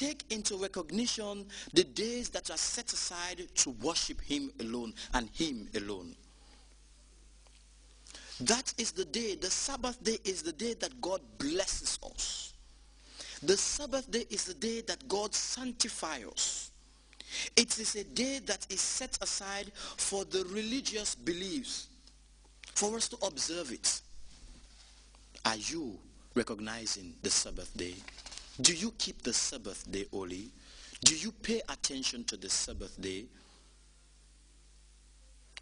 take into recognition the days that are set aside to worship him alone and him alone. That is the day, the Sabbath day is the day that God blesses us. The Sabbath day is the day that God sanctifies us. It is a day that is set aside for the religious beliefs, for us to observe it. Are you recognizing the Sabbath day? Do you keep the Sabbath day holy? Do you pay attention to the Sabbath day?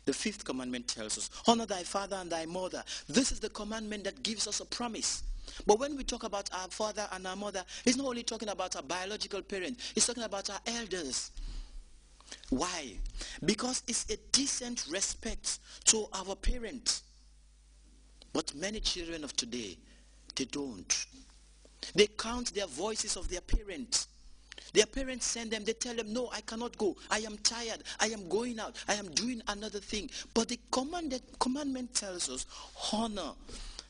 The fifth commandment tells us, honor thy father and thy mother. This is the commandment that gives us a promise. But when we talk about our father and our mother, he's not only talking about our biological parents, he's talking about our elders. Why? Because it's a decent respect to our parents. But many children of today, they don't. They count their voices of their parents. Their parents send them, they tell them, no, I cannot go. I am tired. I am going out. I am doing another thing. But the commandment tells us, honor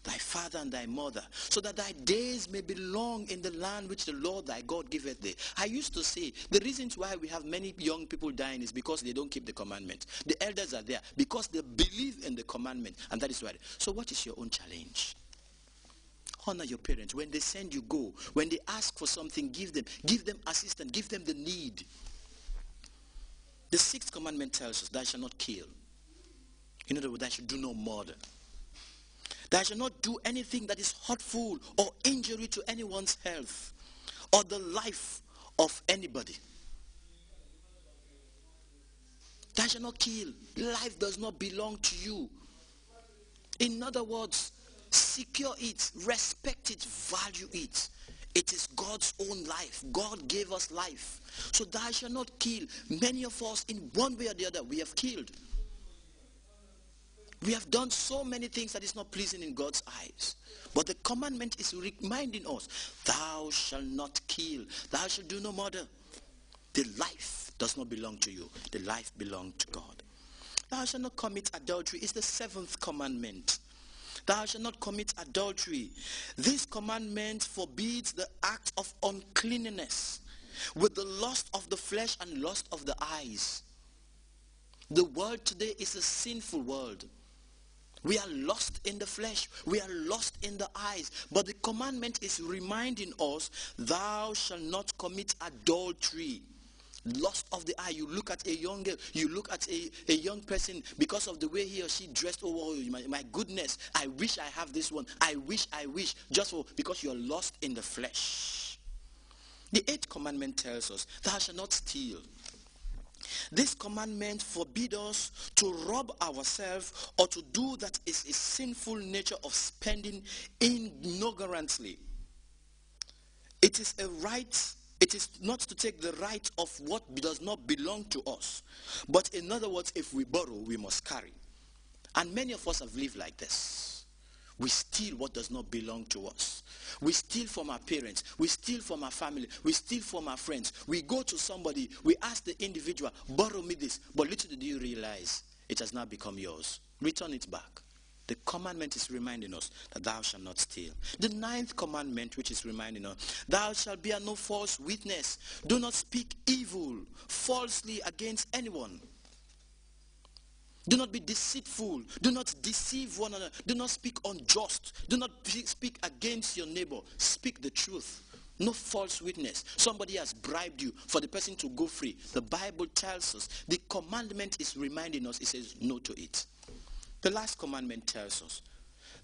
thy father and thy mother, so that thy days may be long in the land which the Lord thy God giveth thee. I used to say, the reasons why we have many young people dying is because they don't keep the commandment. The elders are there because they believe in the commandment, and that is why. So what is your own challenge? Honor your parents. When they send you, go. When they ask for something, give them. Give them assistance. Give them the need. The sixth commandment tells us, thou shalt not kill. In other words, thou shalt do no murder. Thou shalt not do anything that is hurtful or injury to anyone's health or the life of anybody. Thou shalt not kill. Life does not belong to you. In other words, secure it, respect it, value it. It is God's own life. God gave us life. So thou shalt not kill. Many of us, in one way or the other, we have killed. We have done so many things that is not pleasing in God's eyes. But the commandment is reminding us, thou shalt not kill. Thou shalt do no murder. The life does not belong to you. The life belongs to God. Thou shalt not commit adultery. It's the seventh commandment. Thou shalt not commit adultery. This commandment forbids the act of uncleanness with the lust of the flesh and lust of the eyes. The world today is a sinful world. We are lost in the flesh. We are lost in the eyes. But the commandment is reminding us, thou shalt not commit adultery. Lost of the eye. You look at a young girl, you look at a, a young person because of the way he or she dressed. Oh, oh, my, my goodness, I wish I have this one. I wish, I wish. Just for, because you're lost in the flesh. The eighth commandment tells us, thou shalt not steal. This commandment forbids us to rob ourselves or to do that is a sinful nature of spending ignorantly. It is a right it is not to take the right of what does not belong to us. But in other words, if we borrow, we must carry. And many of us have lived like this. We steal what does not belong to us. We steal from our parents. We steal from our family. We steal from our friends. We go to somebody. We ask the individual, borrow me this. But little do you realize, it has now become yours. Return it back. The commandment is reminding us that thou shalt not steal. The ninth commandment, which is reminding us, thou shalt bear no false witness. Do not speak evil falsely against anyone. Do not be deceitful. Do not deceive one another. Do not speak unjust. Do not speak against your neighbor. Speak the truth. No false witness. Somebody has bribed you for the person to go free. The Bible tells us. The commandment is reminding us. It says no to it. The last commandment tells us,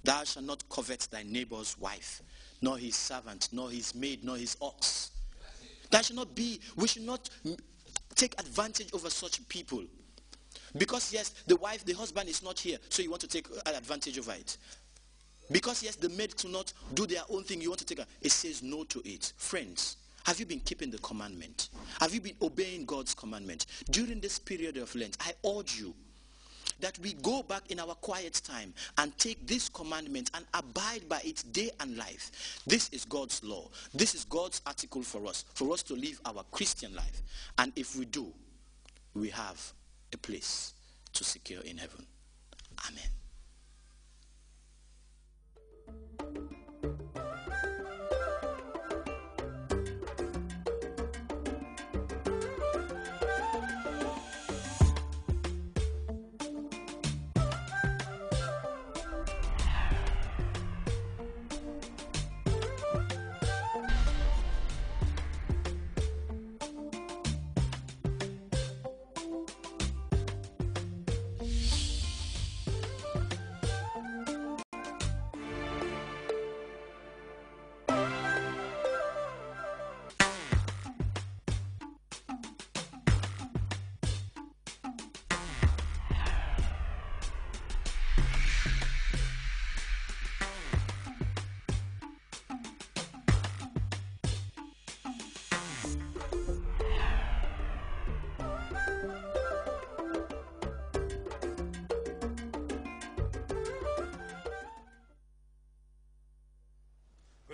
Thou shalt not covet thy neighbor's wife, nor his servant, nor his maid, nor his ox. That should not be, we should not take advantage over such people. Because yes, the wife, the husband is not here, so you want to take advantage over it. Because yes, the maid to not do their own thing, you want to take it says no to it. Friends, have you been keeping the commandment? Have you been obeying God's commandment? During this period of Lent, I urge you, that we go back in our quiet time and take this commandment and abide by it day and life. This is God's law. This is God's article for us, for us to live our Christian life. And if we do, we have a place to secure in heaven. Amen.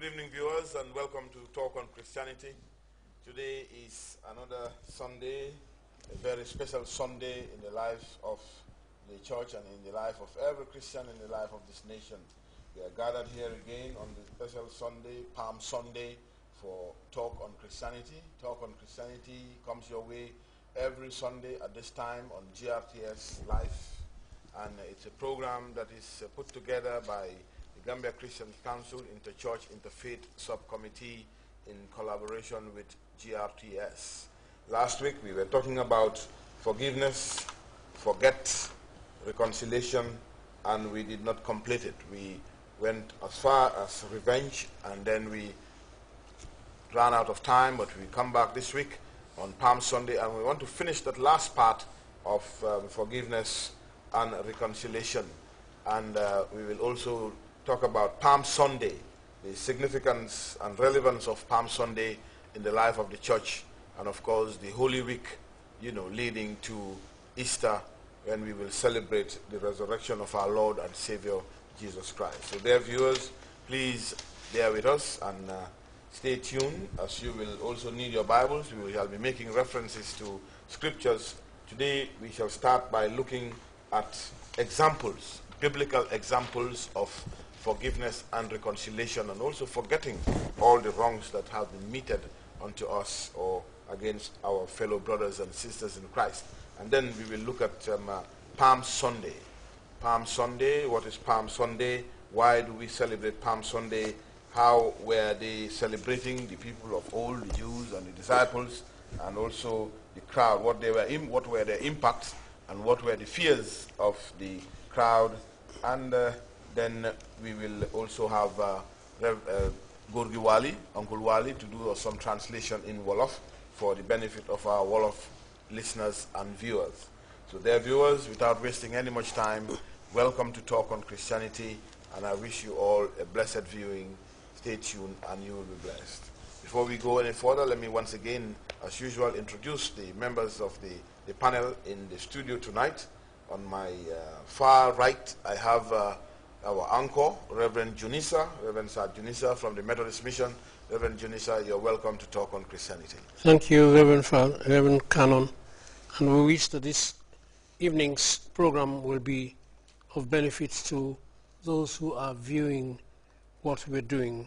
Good evening, viewers, and welcome to Talk on Christianity. Today is another Sunday, a very special Sunday in the life of the church and in the life of every Christian in the life of this nation. We are gathered here again on this special Sunday, Palm Sunday, for Talk on Christianity. Talk on Christianity comes your way every Sunday at this time on GRTS Live, and it's a program that is put together by the Gambia Christian Council Interchurch Interfaith Subcommittee in collaboration with GRTS. Last week we were talking about forgiveness, forget, reconciliation, and we did not complete it. We went as far as revenge and then we ran out of time, but we come back this week on Palm Sunday and we want to finish that last part of um, forgiveness and reconciliation. And uh, we will also talk about Palm Sunday, the significance and relevance of Palm Sunday in the life of the church, and of course the Holy Week, you know, leading to Easter when we will celebrate the resurrection of our Lord and Savior Jesus Christ. So, dear viewers, please bear with us and uh, stay tuned as you will also need your Bibles. We shall be making references to scriptures. Today, we shall start by looking at examples, biblical examples of forgiveness and reconciliation and also forgetting all the wrongs that have been meted unto us or against our fellow brothers and sisters in Christ. And then we will look at um, uh, Palm Sunday. Palm Sunday, what is Palm Sunday? Why do we celebrate Palm Sunday? How were they celebrating the people of old, the Jews and the disciples, and also the crowd? What, they were what were their impacts, and what were the fears of the crowd? And uh, then we will also have uh, Rev, uh, Gorgi Wali, Uncle Wali, to do some translation in Wolof for the benefit of our Wolof listeners and viewers. So dear viewers, without wasting any much time, welcome to Talk on Christianity, and I wish you all a blessed viewing. Stay tuned, and you will be blessed. Before we go any further, let me once again, as usual, introduce the members of the, the panel in the studio tonight. On my uh, far right, I have uh, our uncle, Reverend Junisa, Reverend Sir Junisa from the Methodist Mission. Reverend Junisa, you're welcome to talk on Christianity. Thank you, Reverend, Father, Reverend Cannon. And we wish that this evening's program will be of benefit to those who are viewing what we're doing.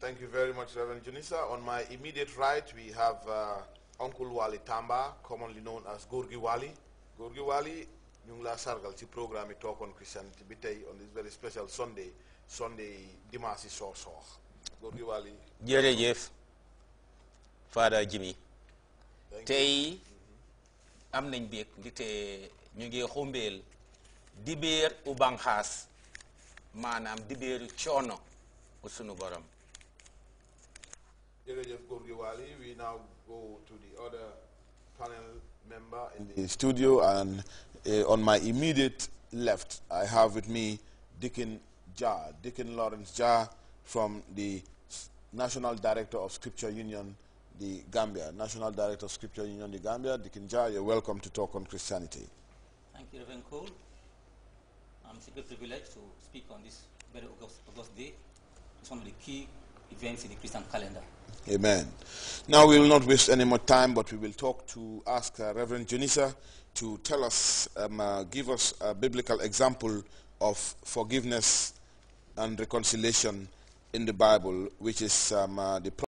Thank you very much, Reverend Junisa. On my immediate right, we have uh, Uncle Wali Tamba, commonly known as Gurgi Wali. Gurgi Wali ñu ngi laa sargal ci programme yi Talk on Christianity bi on this very special Sunday Sunday Dimasi yi soox soox góor gi Father Jimmy tey am nañ béeg ndi te ñu ngi xumbeel dibeer u banxaas maanaam dibeeru coono u sunu borom jërëjëf góor we now go to the other panel member in the studio and uh, on my immediate left, I have with me Deacon Jar, Dickin Lawrence Jar from the National Director of Scripture Union, the Gambia. National Director of Scripture Union, the Gambia. Deacon Jar, you're welcome to talk on Christianity. Thank you, Reverend Cole. Um, it's a great privilege to speak on this very August, August day. It's one of the key events in the Christian calendar. Amen. Now we will not waste any more time, but we will talk to ask uh, Reverend Junisa to tell us, um, uh, give us a biblical example of forgiveness and reconciliation in the Bible, which is um, uh, the